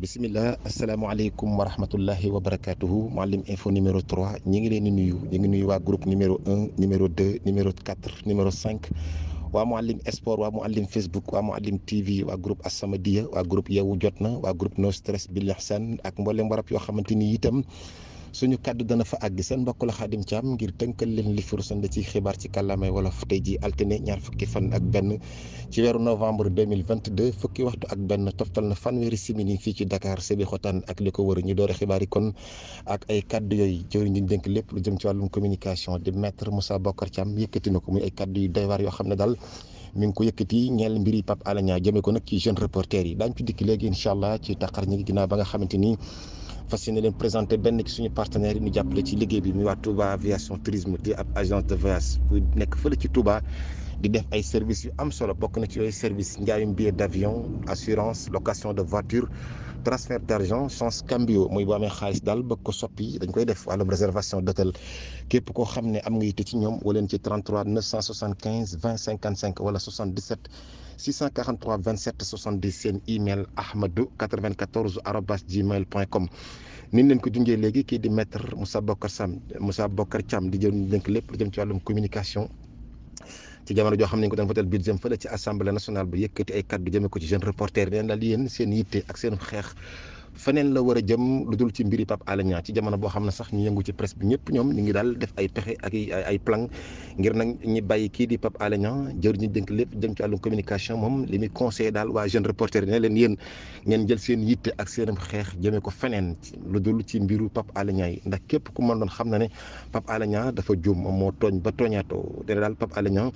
bisimillah asalaamaaleykum wa rahmatullahi wa barakaatuhu Mouhalim info numéro 3 ñi ngi leen di nuyu ñu ngi nuyu waa groupe numéro 1 numéro 2 numéro 4 numéro 5 waa Mouhalim sport waa Mouhalim Facebook waa Mouhalim TV waa groupe Assamadiya waa groupe Yeewu jot na waa groupe No Stress Bil Ihsan ak mboolem warab yoo xamante nii itam. suñu kàddu dana fa àgg seen mbokk la Xaadim Thiam ngir tënkal leen li furusande ci xibaar ci kàllaamay wolof tey ji altine ñaar fukki fan ak benn ci weeru novembre 2022 fukki waxtu ak benn toftal na fanweeri simili fii ci dakaar Dakar Sébikotane ak li ko wër ñu doore xibaar yi kon ak ay kadd yooyu jëwriñ ñu dénk lépp lu jëm ci wàllum communication di maître Moussa Bokar Thiam yëkkati na ko muy ay kàddu yu doy waar yoo xam ne daal mi ngi ko yëkkati ñeel mbiri Pape Alé Niang jëmee ko nag ci jeune reporter yi daañu ci dikk léegi incha allah ci taqar ñi ginnaaw ba nga xamante ni fas yéene leen présenté benn ci suñu partenaire yi ñu jàppale ci liggéey bi muy waa Touba aviation tourisme di ab agence de voyage nekk fële ci Touba di def ay services yu am solo bokk na ci yooyu service njaayum billet d' avion assurance location de voiture transfert d' argent sans cambio mooy bu amee xaalis daal bëgg ko soppi dañ koy def wàllum réservation d'hôtel képp koo xam ne am nga yitte ci ñoom wala ci 33 975 20 55 wala 77 643 27 70 seen arobas gmail point com ni leen ko junjee léegi kii di maître Moussa Bokar Sam Moussa Bokar Thiam di jëm dénk lépp lu jëm ci wàllum communication ci jamono joo xam ne ñu ko doon voté budget fële ci assemblée nationale ba yëkkati ay kaddu jëme ko ci jeune reporter neen la li seen yitte ak seen xeex feneen la war a jëm lu dul ci mbiri Pape Alé Niang ci jamono boo xam ne sax ñu yëngu ci presse bi ñëpp ñoom ñu ngi daal def ay pexe ak ay plan ngir nag ñi bàyyi kii di pap Alé Niang ñu dénk lépp jëm ci wàllum communication moom li muy daal waa jeune reporter ne leen yéen ngeen jël seen yitte ak seen xeex jëmee ko feneen lu ci mbiru Pape Alé yi ndax képp ku mën doon xam na ne Pape Alé Niang dafa juum moom moo tooñ ba tooñaatoo dana daal Pape Alé Niang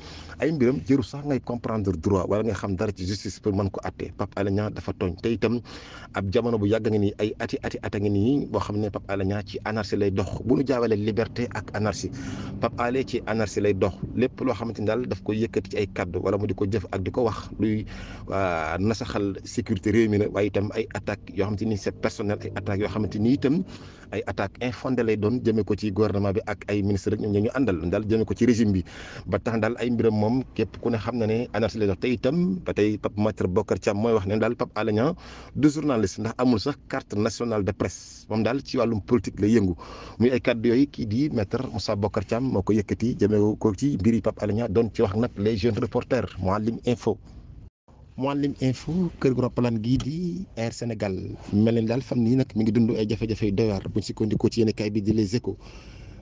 jëru sax ngay comprendre droit wala nga xam dara ci justice pour mën ko atte Pape Alé Niang dafa tooñ te itam ab jamono bu yàgg yàgg nga nii ay ati ati ata nga nii boo xam ne Pape Alé ci anarchie lay dox bu ñu jaawalee liberté ak anarchie Pape Alé lépp loo xamante ni daal daf ko yëkkati ci ay kaddu wala di ko jëf ak di ko wax luy nasaxal sécurité réew mi la waaye itam ay attaques yoo xamante ni c'est personnel ay attaques yoo xamante ni itam ay ko ci gouvernement bi ak ay ministres rek ñoom ñoo ñu ko ci régime bi ba ku xam na ne anarchie lay dox te ba tey Pape Maître Bokar mooy wax ne daal Pape du journaliste ndax amul sax carte nationale de presse moom daal ci wàllum politique la yëngu muy ay kàddu yooyu kii di maître Moussa Bokar cam moo ko yëkkati jëmee ko ci mbiri Pape Alé Niang doon ci wax nag les jeunes reporters Mouhalim Info. Mouhalim Info kër gu roppalaan gii di Air Sénégal mel ni daal fan nii nag mi ngi dund ay jafe-jafe yu doy waar buñ sukkandikoo ci yéen kay bi di Les Échos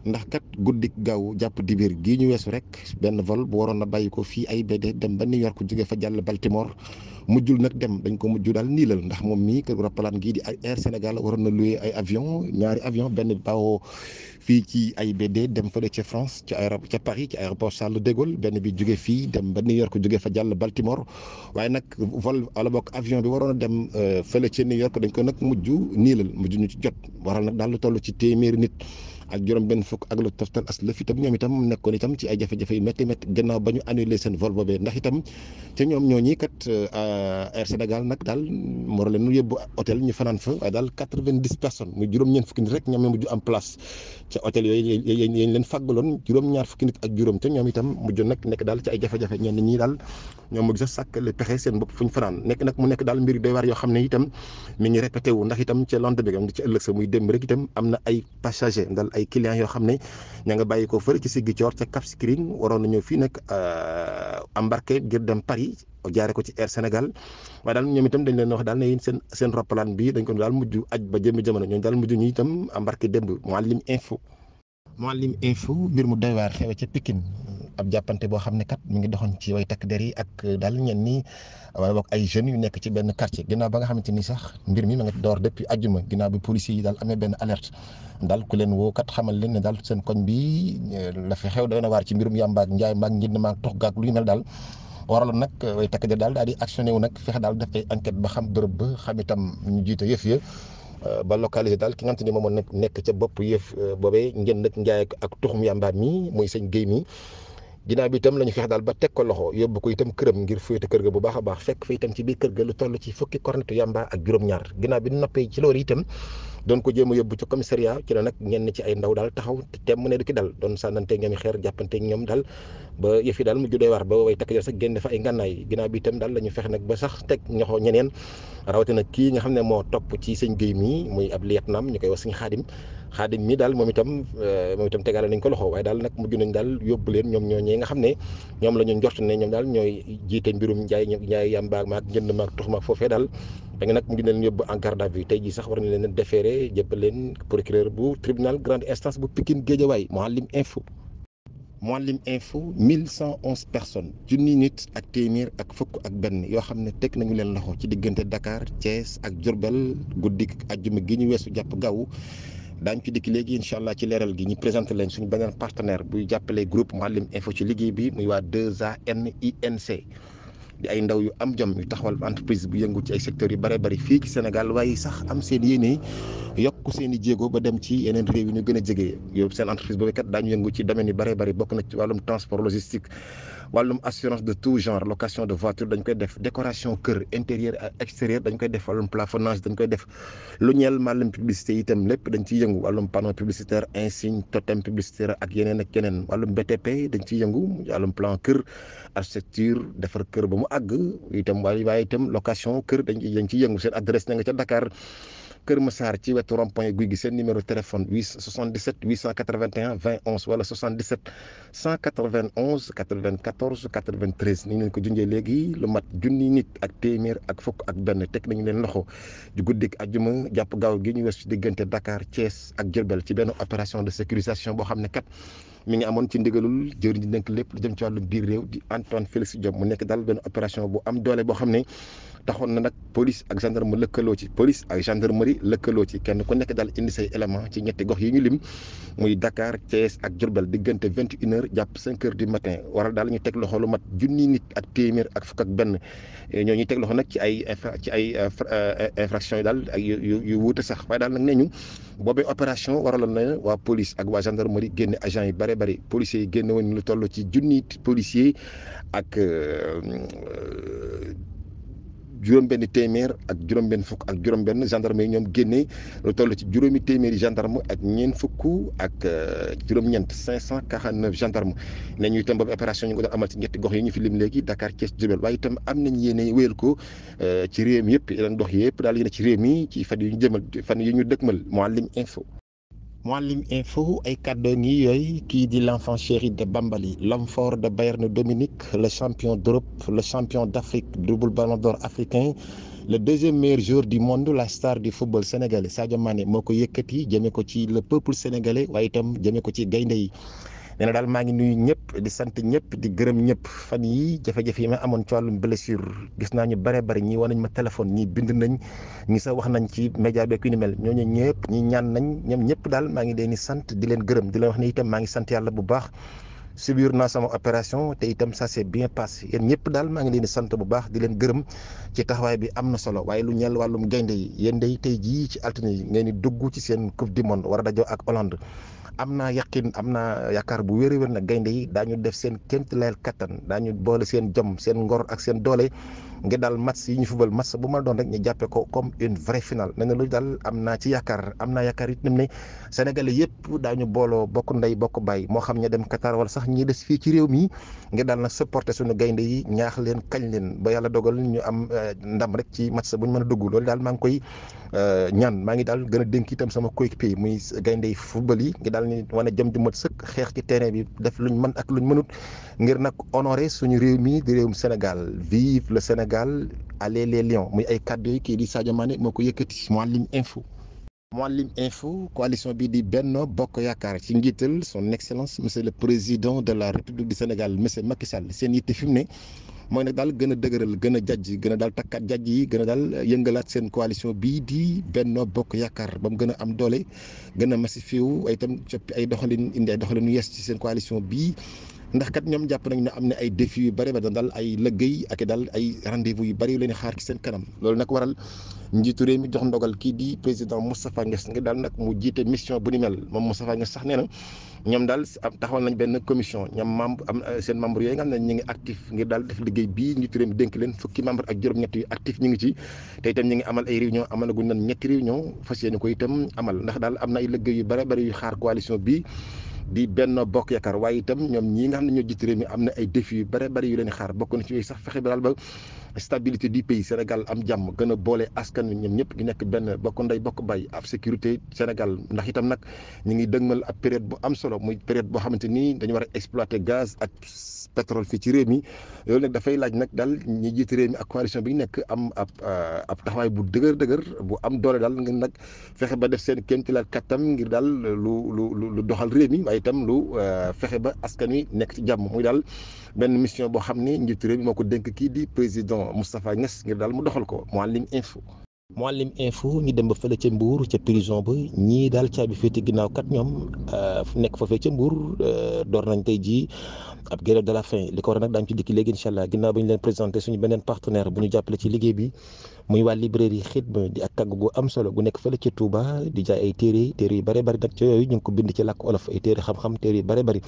ndax kat guddik gaaw jàpp di dibir gii ñu weesu rek benn vol bu waroon na bàyyi ko fii ay BD dem ba New York jóge fa jàll Baltimore. mujjul nag dem dañ ko mujj daal niilal ndax moom mii kër rappalaan gii di ay Air Sénégal waroon na loué ay avion ñaari avion benn bawoo fii ci ay BD dem fële ca France ca aéro ca Paris ci aéroport Charles de benn bi jóge fii dem ba New York jóge fa jàll Baltimore waaye nag vol wala bokk avion bi waroon a dem euh, fële ca New York dañ ko nag mujj niilal mujj ñu ci jot waral nag daal lu toll ci téeméeri nit ak juróom benn fukk ak lu toftal as lëf itam ñoom itam nekkoon itam ci ay jafe-jafe yu métti métti gannaaw ba ñu annulé seen vol boobee ndax itam ci ñoom ñooñi kat euh, Air Sénégal nag leen nu yóbbu hôtel ñu fanaan fa waaye ñoo mujj am place ca hôtel yooyu nekk daal ci ay jafe-jafe ñenn ñi daal ñoom mujj sax sàkk le pexe seen bopp fu fanaan nekk nag mu nekk daal mbir doy waar yoo xam ne itam mi ngi répété wu ndax itam ca lendemain bi ci ëllëg sa muy dem rek itam am na ay passager daal ay clients yoo xam ne ña nga bàyyi ko fële ci Ziguinchor ca Cap Skirring waroon nañu fii nag euh, embarqué ngir dem Paris jaare ko ci Air Sénégal waaye daal ñoom itam dañ leen wax daal ne seen seen roppalaan bi dañ ko daal mujj aj ba jëmmi jamono ñoom daal mujj ñu itam embarqué démb Mouhalim Info. Mouhalim Info mbir mu doy waar xewe ca Pikine ab jàppante boo xam ne kat mi ngi doxoon ci way takk der yi ak daal ñenn ñi wala boog ay jeunes yu nekk ci benn quartier ginnaaw ba nga xamante ni sax mbir mi ma nga door depuis ajjuma bi policiers yi daal amee benn alerte daal ku leen woo kat xamal leen ne daal seen koñ bi eh, la xew doy na waar ci mbirum yàmbaak njaay mbaak njiit maag tox gaak lu ñu mel daal waral nag way takk der daal daal di actionné wu nag fexe daal dafay enquête ba xam bërëb ba xam itam ñu jiite yëf ya eh, ba localisé daal ki ni moom moo nekk ca bopp yëf eh, boobee njënd ak njaay ak tuxum yàmbaat mi muy sëñ Guèye mi ginnaaw bi itam la ñu fexe daal ba teg ko loxo yóbbu ko itam këram ngir féete kër ga bu baax a baax fekk fa itam ci biir kër ga lu toll ci fukki kornetu yamba ak juróom-ñaar ginnaaw bi noppee ci loolu itam doon ko yóbbu ci commissariat la nag ñenn ci ay ndaw daal taxaw te mu ne du ki dal doon sànnante i xeer jàppante ñoom daal ba yëf yi daal mu juddee waar ba way takk jël sax génn fa ay ngànnaay ginnaaw bi itam daal la ñu nag ba sax teg ñoxo ñeneen rawatina kii nga xam ne moo topp ci sëñ Guèye mii muy ab naam ñu koy wax sëñ Xaadim xaadim mi daal moom itam euh, moom itam tegaale nañ ko loxo waaye daal nag mujj nañ daal yóbbu leen ñoom ñoo ñee nga xam ne ñoom la ñu njort ne ñoom daal ñooy jiite mbirum njaay njaay yàmbaag maag njënd maag tux maag foofee daal da nga nag mujj nañ leen yóbbu en garde à vue tey jii sax war nañ leen déféré jébbal leen procureur bu tribunal grande instance bu Pikine Guédiawaye ak téeméer ak fukk ak benn yoo xam ne teg nañu leen loxo ci diggante dakaar Thiès ak Diourbel guddi ajjuma gi ñu weesu jàpp gaaw daañu ci dikk léegi incha allah ci leeral gi ñu présenté leen suñu beneen partenaire buy jàppale groupe Mouhalim info ci liggéey bi muy waa 2ANINC di ay ndaw yu am jom yu taxawal entreprise bu yëngu ci ay secteurs yu bare bari fii ci Sénégal waaye sax am seen yéene yokk seen i jéego ba dem ci yeneen réew yi ñu gën a jege yow seen entreprise boobu kat daañu yëngu ci domaine yu bare bari bokk na ci wàllum transport logistique wàllum assurance de tout genre panneau publicitaire insigne totem publicitaire ak yeneen ak yeneen wàllum BTP dañ ciy yëngu wàllum plan kër architecture defar kër ba mu àgg itam waaye waaye itam location kër dañ ciy ciy yëngu seen adresse na nga ca Dakar Kër Massar ci wetu rond-point guy gi seen numéro téléphone 8 77 881 20 11 wala 77 191 94 93 ni ñu leen ko junjee léegi lu mat junni nit ak téeméer ak fukk ak benn teg nañu leen loxo ju guddik ajuma jàpp gaaw gi ñu wees ci diggante dakaar Thiès ak Diourbel ci benn opération de sécurisation boo xam ne kat. mi ngi amoon ci ndigalul jëriñ nekk lépp lu jëm ci wàllum biir réew di Antoine Félix Diome mu nekk daal benn opération bu am doole boo xam ne taxoon na nag police ak gendarme lëkkaloo ci police ak gendarmerie lëkkaloo ci kenn ku nekk daal indi say élément ci ñetti gox yi ñu lim muy Dakar Thiès ak Diourbel diggante vingt une jàpp cinq heures du matin waral daal ñu teg loxo lu mat junni nit ak téeméer ak fukk ak benn ñoo ñu teg loxo nag ci ay ci ay euh, euh, infraction yi daal ak yu yu wuute sax waaye daal nag nee ñu boobee opération waraloon na waa police ak waa gendarmerie génne agent yi bare bare bëri policiers yi génn woon lu toll ci junni policiers ak euh, juróom-benn téeméer ak juróom-benn fukk ak juróom-benn gendarme yi ñoom génne lu toll ci juróomi téeméeri gendarme ak ñeent fukk ak euh, juróom-ñeent 549 gendarme ne ñu itam boobu opération ñu ngi amal ci ñetti gox yi ñu fi lim léegi Dakar Thiès Diourbel waaye itam am nañ yéene wéyal ko euh, ci réew mi yëpp yeneen gox yëpp daal yéene ci réew mi ci fan yu ñu jëmal fan yu ñu info. in Info ay kàddu ngi yooyu kii di l'enfant chéri de Bambali l'homme fort de Bayern Dominique le champion d'Europe le champion d'Afrique double ballon d'or africain le deuxième meilleur joueur du monde la star du football sénégalais Sadio moo ko yëkkati jëmee ko ci le peuple sénégalais waaye itam jëmee ko ci gaynde yi nee daal maa ngi nuyu ñëpp di sant ñëpp di gërëm ñëpp fan yi jafe-jafe yi ma amoon ci wàllum blessure gis naa ñu bare bari ñii wanañ ma téléphone ñii bind nañ ñi sax wax nañ ci média beeg yu ni mel ñooñu ñëpp ñi ñaan nañ ñoom ñëpp daal maa ngi leen di sant di leen gërëm di leen wax ne itam maa ngi sant yàlla bu baax subir naa sama opération te itam ça s'est bien passé yéen ñëpp daal maa ngi leen di sant bu baax di leen gërëm ci taxawaay bi am na solo waaye lu ñeel wàllum gaynde yi yéen day tey jii ci altine yi ngeen di dugg ci seen coupe du monde war a dajoo ak Hollande am naa yaqin am na yaakaar bu wér-wér na gaynde yi daañu def seen kent kéemtalaayal kattan daañu boole seen jom seen ngor ak seen doole ngir daal match yi ñu fubal match bu ma doon rek ñu jàppee ko comme une vraie finale na ne lu daal am naa ci yaakaar am naa yaakaar it ne Sénégalais yëpp daañu booloo bokk ndey bokk bàyyi moo xam ña dem Qatar wala sax ñi des fii ci réew mi ngir daal na supporter suñu gaynde yi ñaax leen kañ leen ba yàlla dogal ñu am eh, ndam rek ci match bu ñu mën a dugg loolu daal maa ngi koy eh, ñaan maa ngi daal gën a dénk itam sama coéquipier muy gaynde yi football yi ngi daal ni wane jëm ju mat sëkk xeex ci terrain bi def luñ mën ak luñ mënut ngir nag honorer suñu réew mi di Sénégal allez les Lions muy ay kàddu yi kii di Sadio Mané moo ko yëkkati Mouhalim Info. Mouhalim Info coalition bii di Benno Bokk Yaakaar ci njiital son excellence monsieur le président de la république du Sénégal monsieur Macky Sall seen yitte fi mu ne. mooy nag daal gën a dëgëral gën a jajj gën a daal takkaat jajj yi gën a daal yëngalaat seen coalition bii di Benno Bokk Yaakaar ba mu gën a am doole gën a massifié wu ay itam coppi ay doxalin indi ay doxalin yees ci seen coalition bii ndax kat ñoom jàpp nañ ne am na ay défis yu bëri ba dal ay lëggéey ak dal ay rendez yu bëri yu leen xaar ci seen kanam loolu nag waral njiitu réew mi jox ndogal kii di président Moustapha Niass nga daal nag mu jiite mission bu ni mel moom Moustapha Niass sax nee na ñoom daal am taxawal nañ benn commission ñoom membre am euh, seen membre yooyu xam ne ñu ngi actif ngir daal def liggéey bii njiitu réew mi dénk leen fukki membre ak juróom-ñett yu actif ñu ngi ci te itam ñu ngi amal ay réunion amalaguñ nañ ñetti réunion fas yéene ko itam amal ndax daal am na ay lëggéey yu bëri bëri yu xaar coalition bii di benn bokk yaakaar waaye itam ñoom ñii nga xam ne ñoo jiite mi am na ay défis yu bare bëri yu leen xaar bokk na ci yooyu sax fexe bi daal ba stabilité du pays Sénégal am jàmm gën a boole askan wi ñoom ñëpp ñu nekk benn bokk ndey bokk bay ab sécurité Sénégal ndax itam nag ñu ngi dëgmal ab période bu am solo muy période boo xamante nii dañu war a exploiter gaz ak pétrole fii ci réew mi loolu nag dafay laaj nag daal ñi jiit réew mi ak coalition bi ñu nekk am ab euh, ab taxawaay bu dëgër dëgër bu am doole daal ngir nag fexe ba def seen ci kéemtilaat kattam ngir daal lu lu lu doxal réew mi waaye itam lu euh, fexe ba askan wi nekk ci jàmm muy daal benn mission boo xam ne njiitu réew mi kii di président. émission nges ngir daal mu doxal ko Mouhalim Info. Mouhalim Info ñu dem ba fële ca Mbour ca prison ba ñii daal caabi ci ginnaaw kat ñoom euh, nekk foofee ca Mbour euh, door nañ tey jii ab grève de la faim li ko war nag daañu ci dikki léegi incha allah ginnaaw ba ñu leen présenté suñu beneen partenaire bu ñu jàppale ci liggéey bi. muy waa librairie xidma di ak kàgg gu am solo gu nekk fële ci Touba di jaay ay téere téere yu bare bari nag ca yooyu ñu ngi ko bind ci làkk olof ay téere xam-xam téere yu bare bari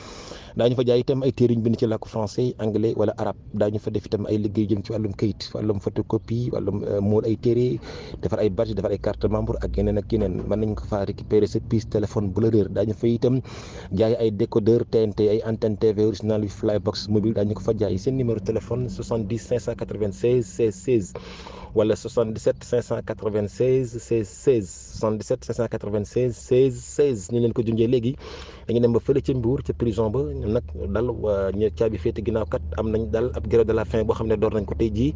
daañu fa itam ay téere ñu ci làkk français anglais wala arabe daañu fa def itam ay liggéey jëm ci wàllum kayit wàllum photocopie wàllum euh, mool ay téere defar ay badge defar ay carte membre ak yeneen ak yeneen mën nañ ko faa récupérer sa pièce téléphone bu la réer daañu fa itam jaay ay décodeur TNT ay antenne TV original wi Flybox mobile daañu ko fa jaay seen numéro téléphone 70 596 16 16 wala 77 596 16 16 77 596 16 16 ñu leen ko junjee léegi dañu dem ba fële ca Mbour ca prison ba ñun nag dal ñu caabi féete ginnaaw kat am nañ dal ab grève de la faim boo xam ne door nañ ko tey jii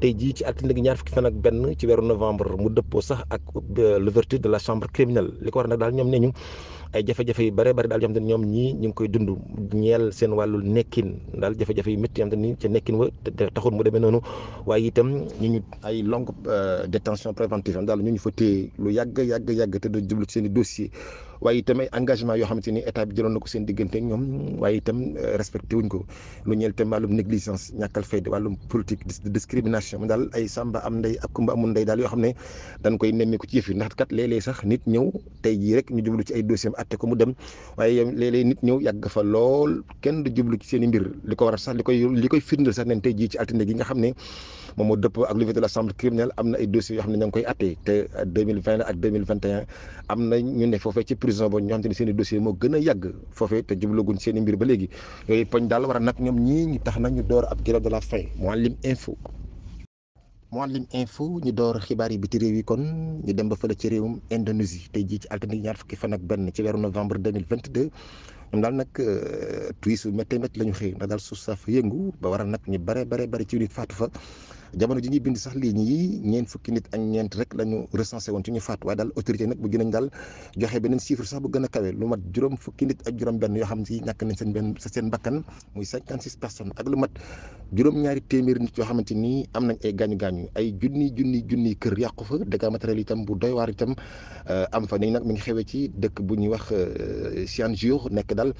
tey jii ci altine gi ñaar fukki fan ak benn ci weeru novembre mu dëppoo sax ak euh, l'ouverture de la chambre criminelle li ko war nag daal ñoom ne ñu ay jafe-jafe yu bare bari daal yoo xam ñoom ñii ñu ngi koy dund ñeel seen wàllu nekkin daal jafe-jafe yu métti yoo xam te ni ca nekkin wa taxul mu demee noonu waaye itam ñu ñu ay longue euh, détention préventive daal ñu ñu fa téye lu yàgg yàgg yàgg te du jublu seen i dossier waaye itam ay engagement yoo xamante ni état bi jëloon na ko seen diggante ñoom waaye itam euh, respecté wuñ ko lu ñeel itam wàllum négligence ñàkkal fayda wàllum politique de discrimination daal ay samba am ndey ak kumba amul ndey daal yoo xam ne dañ koy nemmeeku ci yëf yi ndax sax nit ñëw tey jii rek ñu jublu ci ay dossier am ko mu dem waaye léeg-léeg nit ñëw yàgg fa lool kenn du jublu ci seen i mbir li ko war a sax li koy li koy firndal sax nen tey jii ci altine gi nga xam ne moom moo dëpp ak levée de la chambre criminelle am na ay dossiers yoo xam ne ña te 2020 ak 2021 am na ñu ne foofee ci prison ba ñoo xam ne seen i moo gën a yàgg foofee te jublaguñ seen i mbir ba léegi yooyu poñ daal war a ñoom ñii ñu tax na ñu door ab grève de la faim Mouhalim Info Info ñu door xibaar yi bi biti réew yi kon ñu dem ba fële ci réewum Indonésie tey jii ci altine ñaar fukki fan ak benn ci weeru novembre 2022 ñoom daal nag euh, tuuti su méttee métti la ñu xëy ndax daal suuf yëngu ba waral nag ñu bari ci nit fa jamono ji ñuy bind sax lii ñii ñeen fukki nit ak ñeent rek la ñu recensé woon ci ñu faatu waaye daal autorité nag bu gën nañ daal joxe beneen chiffre sax bu gën a kawe lu mat juróom fukki nit ak juróom benn yoo xam si ñàkk nañ seen benn seen bakkan muy 56 personnes ak lu ñaari téeméeri nit yoo xamante ni am nañ ay gaañu-gaañu ay junni junni junni kër yàqu fa dégâts matériels itam bu doy waar itam euh, am fa nañ nag mi ngi xewee ci dëkk bu ñuy wax Cianjur euh, nekk daal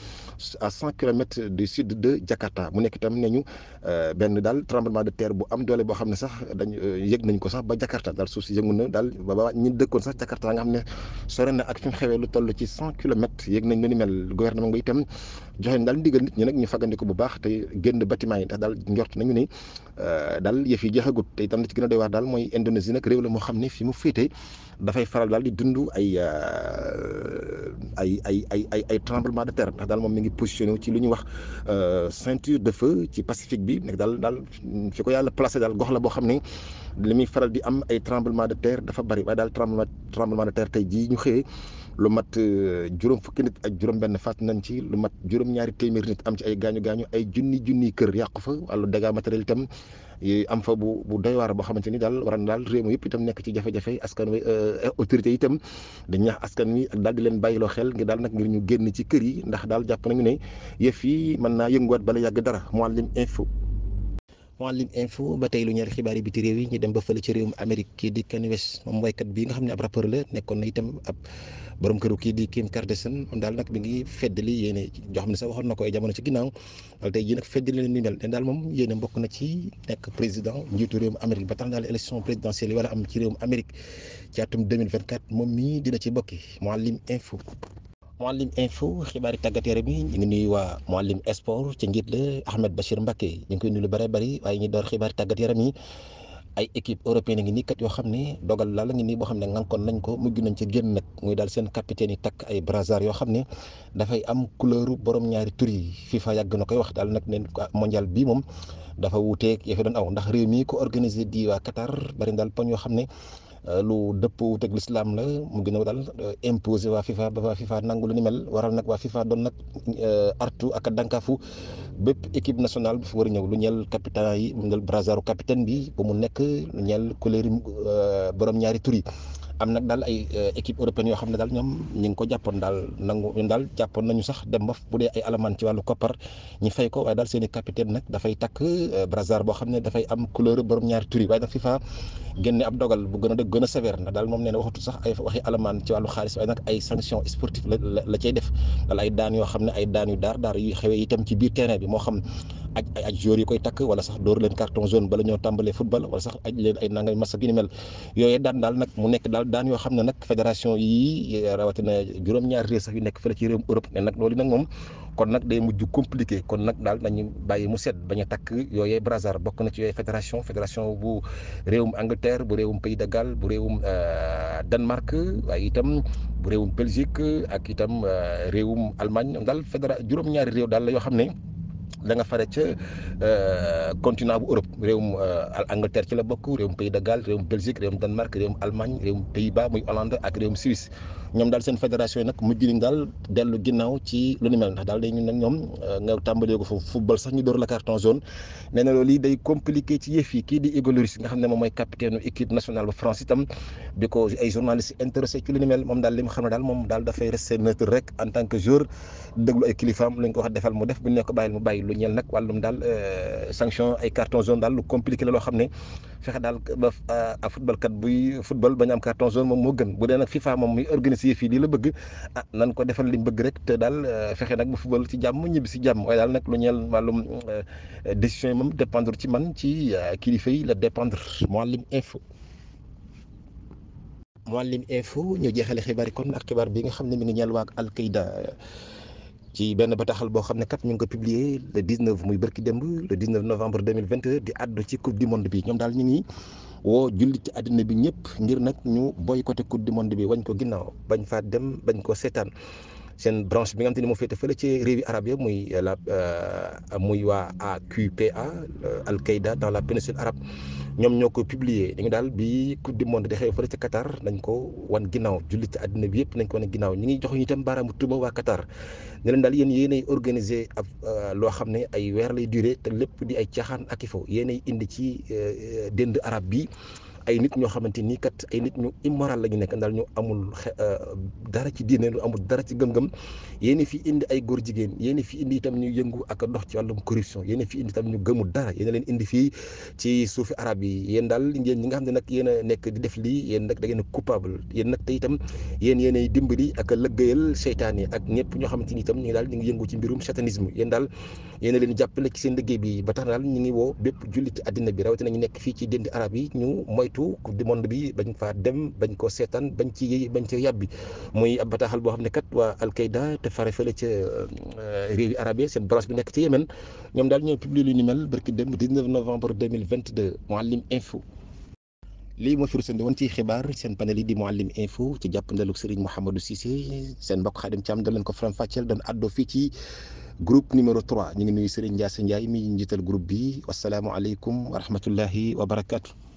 à 100 kilomètres du sud de Jakarta mu nekk itam ne ñu euh, benn daal tremblement de terre bu am doole boo xam ne sax dañ euh, yëg nañ ko sax ba Jakarta daal suuf si yëngu na daal ba ba ñi dëkkoon sax Jakarta nga xam ne sore na ak fi mu xewee lu toll ci cent kilomètres yëg nañ lu ni mel gouvernement nga itam joxe daal ndigal nit ñi nag daal njort nañu ni euh, daal yëf yi jeexagut te itam li ci gën a doy waar daal mooy Indonésie nag réew la moo xam ne fi mu féete dafay faral daal di dund ay euh, ay ay ay ay ay tremblement de terre ndax daal moom mi ngi positionné ci lu ñu wax ceinture de feu ci Pacifique bi nag da daal fi ko daal gox gox la boo xam ne li muy faral di am ay tremblement de terre dafa bari waaye daal tremblement tremblement de terre tey jii ñu xëyee lu mat euh, juróom fukki nit ak juróom-benn faat nañ ci lu mat juróom-ñaari téeméer nit am ci ay gaañu gaañu ay junni junni kër yàqu fa wàllu dégâts matériels itam am fa bu bu doy waar boo xamante ni daal waral na daal réew mi yëpp itam nekk ci jafe-jafe askan wi euh, autorité itam di ñaax askan wi ak daal di leen bàyyiloo xel ngir daal nag ngir ñu génn ci kër yi ndax daal jàpp nañu ne yëf yi mën naa yënguwaat bala yàgg dara Mouhalim info. Mouhalim info ba tey lu ñeel xibaari biti réew yi ñu dem ba fële ci réewum Amérique kii di Kanye West moom waykat bii nga xam ne ab rappeur la nekkoon na itam ab borom këru kii di Kim Kardashian moom daal nag mi ngi feddali yéene joo xam ne sax waxoon na ko ay jamono ci ginnaaw daal tey jii nag feddali leen ni mel ne daal moom yéene mbokk na ci nekk président njiitu réewum Amérique ba tax daal élection présidentielle yi war a am ci réewum Amérique ci atum 2024 moom mii dina ci bokki Mouhalim info Mouhalim info xibaari tàggat yaram bi ñu ngi waa waa Mouhalim sport ci njiit la Ahmed Bachir Mbacké ñu ngi koy nuyu lu bëree bëri waaye ñu door xibaari tàggat yaram yi ay équipe européenne ngi nii kat yoo xam ne dogal laa ngi nii boo xam ne ngankoon nañ ko mujj nañ ci génn nag muy daal seen capitaine yi takk ay brassard yoo xam ne dafay am couleur borom ñaari tur yi FIFA yàgg na koy wax daal nag neen mondial bii moom dafa wuuteeg ya fi doon aw ndax réew ko organisé di waa Qatar bari daal yoo xam ne Euh, lu dëppoo teg lislaam la mu gën a dal euh, imposé waa FIFA ba waa FIFA nangu lu ni mel waral nag waa FIFA doon nag euh, artu ak dankafu bépp équipe nationale bu fi war a ñëw lu ñeel capitaine yi mu ngel brasaru capitaine bi ba mu nekk lu ñeel couleur borom ñaari turi am nag daal ay euh, équipe européenne yoo xam ne daal ñoom ñi ngi ko jàppoon daal nangu daal jàppoon nañu sax dem ba bu dee ay alamaan ci wàllu koppar ñi fay ko waaye daal seen i capitaine nag dafay takk euh, brassard boo xam ne dafay am couleur borom ñaari tur yi waaye nag FIFA génne ab dogal bu gën a dëgg gën na daal moom nee na sax ay waxi alamaan ci wàllu xaalis waaye nag ay sanction sportive la la cay def daal ay daan yoo xam ne ay daan yu daar daar yu xewee itam ci biir terrain bi moo xam aj ay aj yi koy takk wala sax dóor leen carton jaune bala ñoo tàmbalee football wala sax aj leen ay nangay massa gi ni mel yooyu daan daal nag mu nekk daal daan yoo xam ne nag fédération yi rawatina juróom-ñaar réew sax yu nekk fële ci réewum Europe nag loolu moom kon nag day mujj compliqué kon nag daal nañu bàyyi mu set bañ a takk yooyee Brazzaville bokk na ci yooyu fédération fédération bu réewum Angleterre bu réewum Pays de Galles bu réewum euh, Danemark waaye itam réewum Belgique ak itam euh, réewum Allemagne daal fédéra juróom-ñaari réew daal la yoo xam ne da nga fare ca euh, continent bu Europe réewum euh, Angleterre ci la bokk réewum Pays de Galles réewum Belgique réewum Danemark réewum Allemagne réewum Pays-Bas muy Hollande ak réewum Suisse ñoom daal seen fédération yi nag mujj nañ daal dellu ginnaaw ci lu ni mel ndax daal dañu ne ñoom euh, nga tàmbalee ko foofu football sax ñu door la carton jaune nee loolu day compliqué ci yëf yi kii di Hugo Lloris nga xam ne moom mooy capitaine équipe nationale bu France itam bi ko ay journalistes intéressé ci lu ni mel moom daal li mu xam ne daal moom daal dafay resté neutre rek en tant que joueur déglu ay kilifaam lu ko wax defal mu def bu ñu ne ko bàyyil mu bàyyi lu ñeel nag wàllum daal euh, sanction ay carton jaune daal lu compliqué la loo xam ne fexe daal ba euh, ah football kat buy football ba am carton jaune moom moo gën bu dee nag FIFA moom muy organiser fii lii la bëgg ah nan ko defal liñ bëgg rek te daal euh, fexe nag ba football ci jàmm ñibbi si jàmm waaye daal nag lu ñeel wàllum euh, décision yi moom dépendre ci man ci kilifa yi la dépendre Mouhalim Info. Mouhalim Info ñu jeexale xibaar yi kon ak xibaar bi nga xam ne mi ngi ñeel waa Al Qaïda ci benn bataaxal boo xam ne kat ñu ngi ko publier le 19 muy bërki démb le 19 novembre 2022 di àddu ci coupe du monde bi ñoom daal ñu ngi woo jullit ci àddina bi ñëpp ngir nag ñu boy boycotté coupe du monde bi wañ ko ginnaaw bañ faa dem bañ koo seetaan. seen branche bi nga xam te ni moo féete fële ci réewi arab ya muy euh, la euh, muy waa a AQPA euh, Al-Qaïda dans la péninsule arab ñoom ñoo ko publier dañu daal bi coupe du monde dexee fële ci Qatar dañ ko wan ginnaaw jullit ci àddina bi yëpp nañ ko wan ginnaaw ñi ngi jox ñu itam baaraamu tuba waa Qatar ne leen daal yéen yéenay organiser ab loo xam ne ay weer lay dure te lépp di ay caaxaan ak i fo yéenay indi ci dënd arab bi ay nit ñoo xamante nii kat ay nit ñu immoral la nekk daal ñu amul euh, dara ci dara ci gëm-gëm yéen fi indi ay góor jigéen yéen fi indi itam ñu yëngu ak dox ci wàllum corruption yéen fi indi itam ñu gëmul dara yéen leen indi fii ci suufi arab yi yéen daal ngeen ñi nga xam ne nag yéen nekk di def lii yéen da ngeen coupable yéen nag te itam yéen yéenay dimbali ak lëggéeyal seytaan yi ak ñëpp ñoo xamante ni itam ñu ngi daal ñu ngi yëngu ci mbirum satanisme yéen daal yéen a leen jàppale ci bi ba tax daal ñu ngi woo bépp jullit ci àddina bi rawatina ñu nekk fii ci déndi arab yi ñu moytu partout coupe du monde bi bañ faa dem bañ ko seetaan bañ ci bañ ci yàbbi muy boo xam ne kat waa alqaida te fare fële ca euh, réewi arabe seen branche bi nekk ci Yémen ñoom daal ñoo publier lu ni mel barki dem 19 novembre 2022 Mouhalim Info lii moo fi rusandi woon ci xibaar seen panel yi di Mouhalim Info ci jàppandaluk Serigne Mouhamadou Cissé seen mbokk Xaadim Caam doon leen ko faram fàcceel doon àddoo fii ci groupe numéro 3 ñu ngi nuyu Serigne Ndiasse Ndiaye mi njiital groupe bi wasalaamualeykum wa rahmatullahi wa barakaatu.